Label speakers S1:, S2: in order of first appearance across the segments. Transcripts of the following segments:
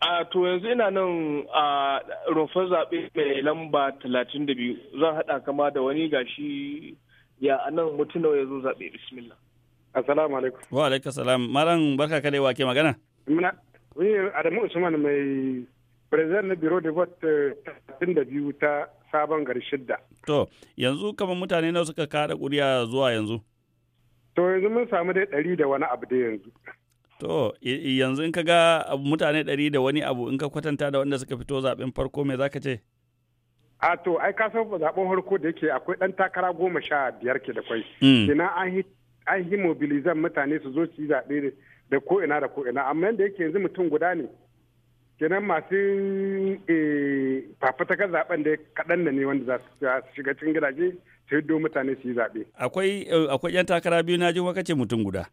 S1: a to yanzu ina nan a rumfar zaɓe mai lamba 32
S2: zan haɗa kama da wani gashi ya nan mutum nawa ya zo zaɓe bismillah assalamu alaikum
S1: wa alaikum salam maran barka kadai wa ke magana
S2: muna ni adamu usman mai president na biro de vote 32 eh, ta sabon gari shidda
S1: to yanzu kamar mutane nawa suka kada kuriya zuwa yanzu
S2: to yanzu mun samu dai ɗari da wani abu da yanzu
S1: To, yanzu in ka ga mutane ɗari da wani abu in ka kwatanta da wanda suka fito zaɓen farko me za ka ce?
S2: A to, ai ka san zaɓen farko da yake akwai ɗan takara goma sha biyar ke da kwai. Mm. Ina an yi mobilizan mutane su zo su yi zaɓe da ko ina da ko ina, amma yadda yake yanzu mutum guda ne. kenan masu eh, fafatakar zaɓen da kaɗan da ne wanda za su shiga cikin gidaje su do mutane su yi zaɓe.
S1: Akwai 'yan eh, takara biyu na ji ce mutum guda.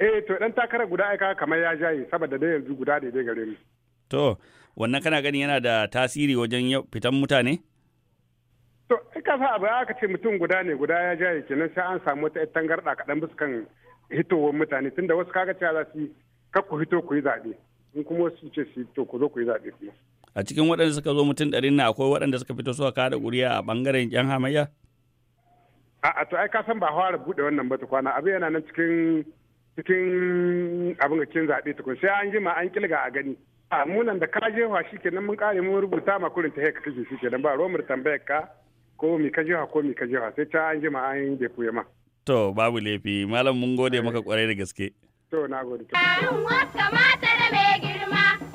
S2: eh to dan takara guda aika kamar ya jaye saboda dai yanzu guda daidai gare mu
S1: to wannan kana gani yana da tasiri wajen fitan mutane
S2: to ka sa abu aka ce mutum guda ne guda ya jaye kenan sai an samu wata tangarda kaɗan buskan hitowar mutane tunda wasu kaga cewa za su kar ku hito ku yi zaɓe in kuma wasu ce su to ku zo ku yi zaɓe kuma
S1: a cikin waɗanda suka zo mutum ɗari na akwai waɗanda suka fito suka kada ƙuri'a a ɓangaren yan hamayya
S2: a to ai ka san ba fara buɗe wannan ba kwana abin yana nan cikin cikin abin da kin zaɓe tukun sai an jima an kilga a gani a munan da ka jefa shi kenan mun kare mun rubuta ma kurin ta haka kake shi kenan ba romar tambayar ka ko mi ka jefa ko mi ka jefa sai ta an jima an jefu ma.
S1: to babu laifi malam mun gode maka kwarai da gaske
S2: to na gode
S3: girma